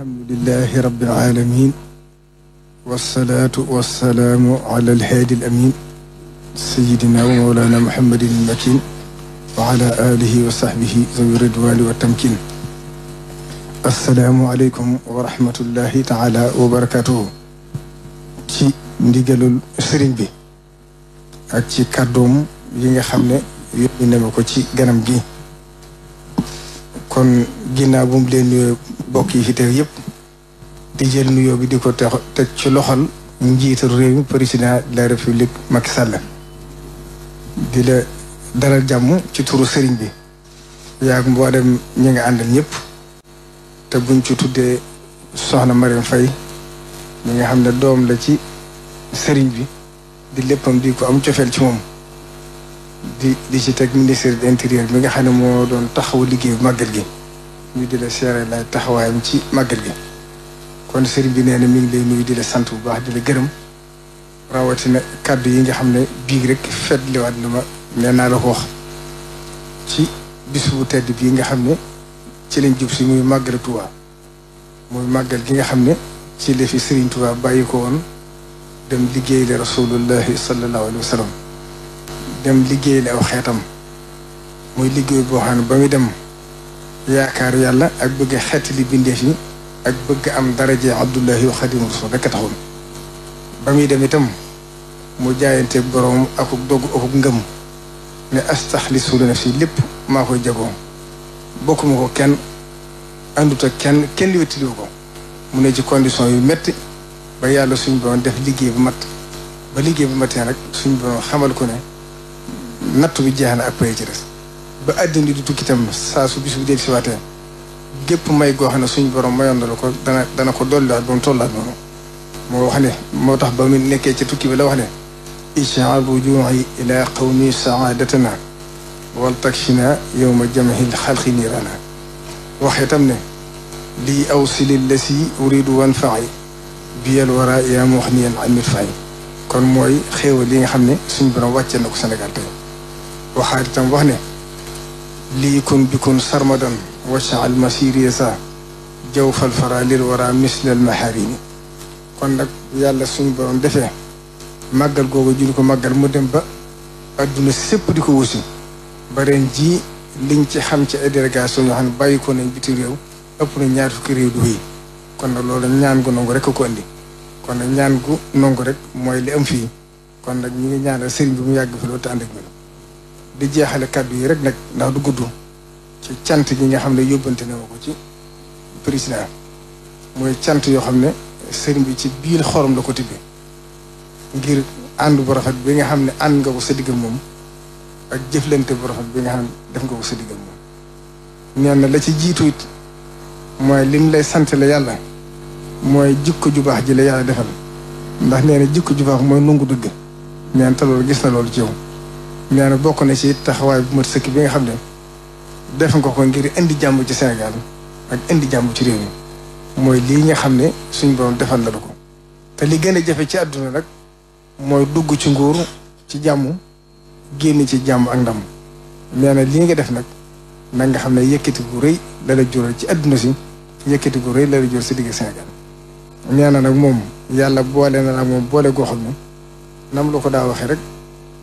alhamdulilahi rabbil alamin wasalaatu wasalaamu alhaadi alamin sayidina wa mawlana muhammadin almakin wa ala alihi wa sahbihi zawi ridwani aleykum wa taala wa ci ndigalul sëriñ bi ak ci kàddoom yi nga xam ne yónni na ko ci ganam gi kon ginnaaw bu mu bokk yi fi teew yëpp di jël nuyoo bi di ko te teg ci loxol njiital réew mi président de la république Macky Sall di la dalal jàmm ci turu sëriñ bi yaag mboolem ñi nga àndal ñëpp te buñ ci tuddee soxna Mariam fay mi nga xam ne doom la ci sëriñ bi di léppam di ko am cofeel ci moom di di ci teg ministère de l'intérieur mi nga xam ne moo doon taxawu liggéeyu màggal gi ñu di la seere lay taxawaayam ci màggal gi kon sëriñ bi nee na mi ngi lay nuyu di sant bu baax di la gërëm rawatina kàddu yi nga xam ne bii rek fetliwaat na ma nee naa la ko wax ci bis bu tedd bii nga xam ne ci lañ jub si muy màggal Tuubaa muy màggal gi nga xam ne ci la fi sëriñ Tuubaa bàyyi ko woon dem liggéey la rasulullahi sallallahu alayhi wa dem liggéey la aw xeetam muy liggéey boo xam ne ba muy dem yaakaar yàlla ak bëgg a xeetali bindeef yi ak bëgg am daraje abdullahi wa xadimu rasul rekk taxoon ba muy dem itam mu jaayante boroom akuk dogg akuk ngëm ne astaxlisu li nafsi lépp maa koy jagoo bokkuma ko kenn àndut kenn kenn kenn wettiliwu ko mu ne ci condition yu métti ba yàlla suñ borom def liggéey bu matt ba liggéey bu matee rek suñ borom xamal ko ne natt bi jeex na ak pay ci des ba àddina di tukki tam saa su bis bu del si waatee gépp may goo xam ne suñu borom mayoon na la ko dana dana ko dolliwaat ba mu tollaat noonu moo wax ne moo tax ba mu nekkee ci tukki bi la wax ne ijaal wujuuhi ila qawmi saadatana wal takshina yow ma xalqi niirana waxee tam ne lii aw silil la si uridu wan faay biyal wara yaa mu wax ni yéen amit faay kon mooy xéewal li nga xam ne suñu borom wàccee na ko Sénégal tey waxaat itam wax ne lii kon bikun sarmadan waccaal masiriya sa jaw falfara lil wara mislal maharimi kon nag yàlla suñu borom defee màggal googu jul ko màggal mu dem ba adduna sépp di ko wusi ba ren ji liñ ci xam ci ay délégation yoo xam ne bàyyi ko nañ biti réew ëpp na ñaar fukki réew du wéy kon nag loolu ñaan gu nangu rek ko indi kon nag ñaan gu rek mooy li am fii kon nag ñu ngi ñaanal sëriñ bi mu yàgg fi loolu te ànd di jeexale kàddu yi rek nag ndax du gudd ci cant gi nga xam ne yóbbante na ma ko ci président mooy cant yoo xam ne sëriñ bi ci biir xorom la ko tibbi ngir ànd bu rafet bi nga xam ne ànd nga ko sa diggal moom ak jëflante bu rafet bi nga xam def nga ko sa diggal moom ñaan na la ci jiitu it mooy lim lay sant la yàlla mooy jikko ju baax ji la yàlla defal ndax nee na jikko ju baax mooy nungu dëgg ñaan te gis na loolu ci yow nee na bokk na ci taxawaay bu mat sëkk bi nga xam ne def nga ko ngir indi jàmm ci Sénégal ak indi jàmm ci réew mooy lii nga xam ne suñ borom defal na ko te li gën a jafe ci àdduna nag mooy dugg ci nguur ci jàmm génn ci jàmm ak ndam nee na lii nga def nag nag nga xam ne yëkkati gu rëy la la ci àdduna si yëkkati gu rëy la si digg Sénégal nee na nag moom yàlla boole na la moom boole goo xam ne nam la ko daa waxee rek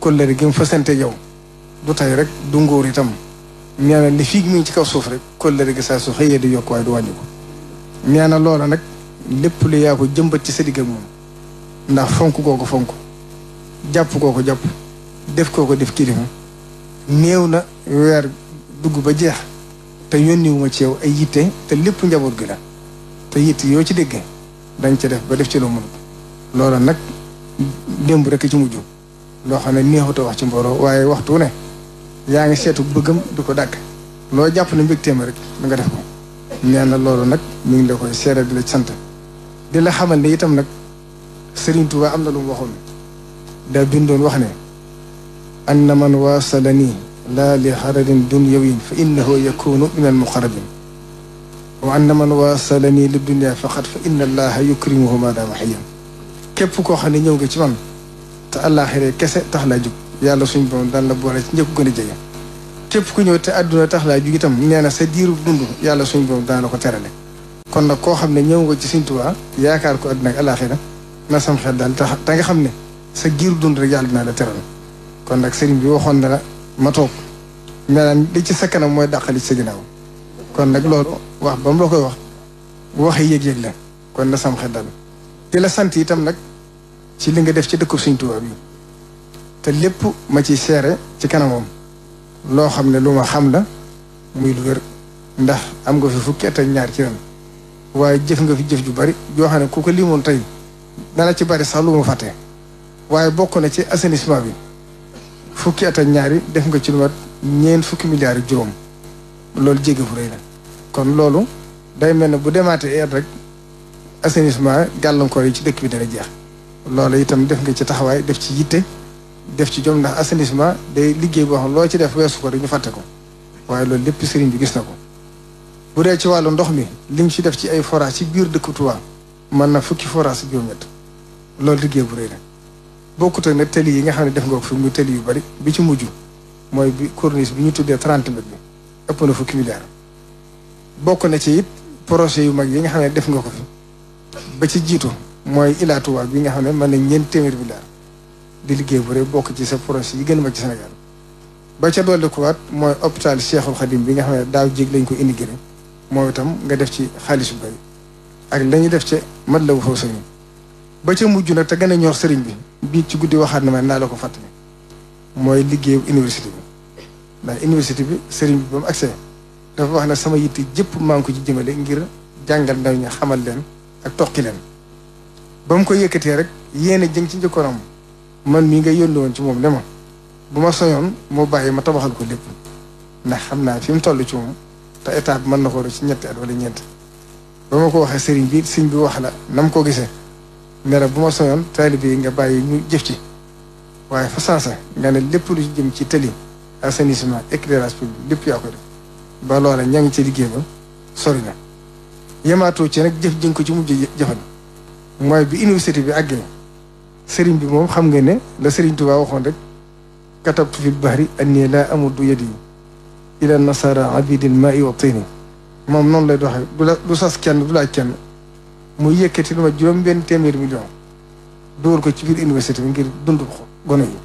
kóllëre gi mu fasante yow du tey rek du ngóor itam nee na li fii mu ngi ci kaw suuf rek kóllëre gi saa su xëyee di yokk waaye du wàññi ko nee na loola nag lépp lu yaa ko jëmbat ci sa digg ak moom ndax fonk koo fonk jàpp koo ko jàpp def koo ko def kilifa néew na weer dugg ba jeex te yónniwuma ci yow ay yitte te lépp njaboot gi la te yitte yoo ci dégg dañ ca def ba def ci loo mën loola nag démb rek ci mujj loo xam ne neexut a wax ci mbooloo waaye waxtu ne yaa ngi seetu bëggam du ko dàkk loo jàpp ne mbégteem rek da nga def ko nee na loolu nag mi ngi la koy seere di la sant di la xamal ne itam nag Sëriñ Tuubaa am na lu mu waxoon daa bindoon wax ne anna man waasalanii laa li xararin dunyawiin fa innahu yakunu min al muqarrabin wa anna man waasalanii li dunya faqat fa inna allaha yukrimuhu maadaama xayyan képp koo xam ne ñëw nga ci man te àllaaxira kese tax laa jug yàlla suñu borom daan la boole ci njëkk gën a jege képp ku ñëw te àdduna tax laa jug itam nee na sa diiru dund yàlla suñ borom daan la ko terale kon nag koo xam ne ñëw nga ci Sëñ Tuubaa yaakaar ko àdduna ak na sam xel daal tax te xam ne sa giiru dund rek yàlla dinaa la teral kon nag sëriñ bi waxoon na la ma toog maanaam li ci sa kanam mooy dàqali ci sa ginnaaw kon nag loolu wax ba mu la koy wax waxi yëg-yëg la kon na sam xel daal di la sant itam nag ci li nga def ci dëkku Sëñ Tuubaa bi te lépp ma ci seere ci kanamam loo xam ne lu ma xam na muy lu wér ndax am nga fi fukki at ak ñaar ci ren waaye jëf nga fi jëf ju bari joo xam ne ku ko limoon tey dana ci bari sax lu ma fàtte waaye bokk na ci assainissement bi fukki at ñaari def nga ci lu mat ñeent fukki milliards juróom loolu jéggi fu rëy la kon loolu day mel ne bu demaatee eer rek assainissement gàllankoor yi ci dëkk bi dana jeex loolu itam def nga ci taxawaay def ci yitte def ci jom ndax assainissement day liggéey boo xam loo ci def weesu ko rek ñu fàtte ko waaye loolu lépp sëriñ bi gis na ko bu dee ci wàllu ndox mi li mu ci def ci ay forage ci biir dëkk Touba mën na fukki forage ak juróom loolu liggéey bu rëy la bokkut ak nag yi nga xam ne def nga ko fi mu tëli yu bari bi ci mujj mooy bi corniche bi ñu tuddee trente mètres bi ëpp na fukki milliards bokk na ci it projet yu mag yi nga xam ne def nga ko ba ci jiitu mooy Ila Touba bi nga xam ne mën nañ ñeent téeméer milliard di liggéey bu rëy bokk ci sa projet yi gën a mag ci Sénégal ba ca dolli ko waat mooy hôpital Cheikhul Khadim bi nga xam ne daal jéeg lañ ko indigré moom itam nga def ci xaalis bu ak la def ca mat la bu faw ba ca mujj na te gën a ñor sëriñ bi bii ci guddi waxaat na ma naa la ko fàttali mooy liggéeyu université bi ndax université bi sëriñ bi ba mu accès dafa wax ne sama yitte jëpp maa ngi ko ci jëmale ngir jàngal ndaw xamal leen ak toqi ba mu ko yëkkatee rek yéen a jëng ci njëkkoon am man mii nga yónni woon ci moom ne ma bu ma soñoon moo bàyyi ma tabaxal ko lépp ndax xam naa fi mu toll ci moom te état bi mën na ko ci ñetti at wala ñeent ba ma ko waxee sëriñ bi siñ bi wax la na mu ko gisee ne bu ma soñoon taalibe yi nga bàyyi ñu jëf ci waaye fa saasa nga ne lépp lu jëm ci tëli assainissement éclairage public lépp yaa ko def ba loola ña ngi ci liggéey ba sori na yemaatoo ci nag jëf jëng ci mujj jëfal mooy bi université bi àggee sëriñ bi moom xam nga ne la sëriñ Tuubaa waxoon rek katabtu fil bahri anni laa amuddu yadi ila nasara abidil ma i wa tini moom noonu lay doxee du la du sas kenn du laaj kenn mu yëkkati lu ma juróom benn téeméer million dugal ko ci biir université bi ngir dund ko gone yi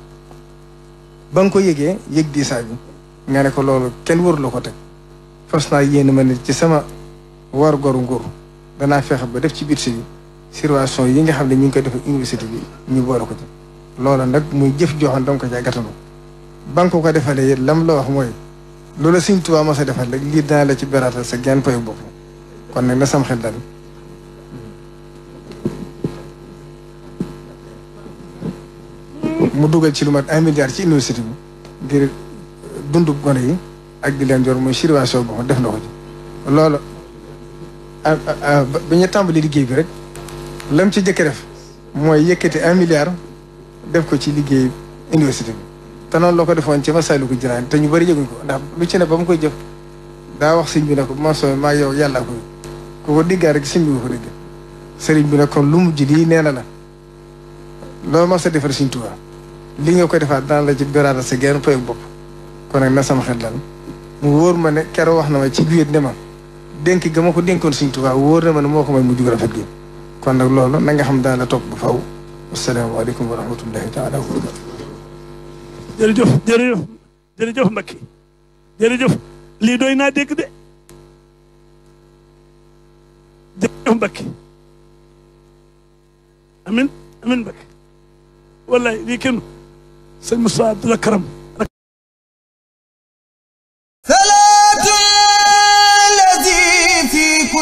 ba ko yëgee yëg di saa nga ne ko loolu kenn waruloo ko teg fas naa yéen ma ne ci sama war goru nguur danaa fexe ba def ci biir si bi situation yi nga xam ne ñu ngi koy def université bi ñu boole ko ci loolo nag muy jëf joxoon danga ko caa gàttanu ko defalee it lam la wax mooy loola Sëñ Tuubaa ma sa defal rek lii dana la ci beraatal sa genn payu bopp nag na sam xel mu dugal ci lu mat un milliard ci université bi ngir dundu gone yi ak di leen jor muy situation boobu def na ko ci loolu bi ñu tàmbali liggéey bi rek lam ci jëkk def mooy yëkkati un milliard def ko ci liggéey université bi te noonu loo ko defoon ci Masaalikul Jinaan te ñu bari yëguñ ko ndax lu ci ne ba mu koy jëf daa wax sëñ bi ne ko man soo maa yàllaa ko ku diggaa rek sëñ bi ko sëriñ bi ne kon lu mujj lii nee na la loolu ma sa defar sëñ Tuubaa li nga ko defaat daan la ci biraata sa genn poy bopp kon nag na sama xel mu wóor ma ne keroog wax na ma ci guyét ne ma dénk ga ma ko dénkoon sëñ Tuubaa wóor na ma ne moo ko may mujj rafet gi kon nag loolu na nga xam daan la topp ba faw asalaamaaleykum wa rahmatullahi taala wa barakatu jërëjëf jërëjëf jërëjëf lii doy naa dégg de jërëjëf Mbacke amin amin Mbacke wallaay lii kenn sëñ Moussa Abdoulaye Karam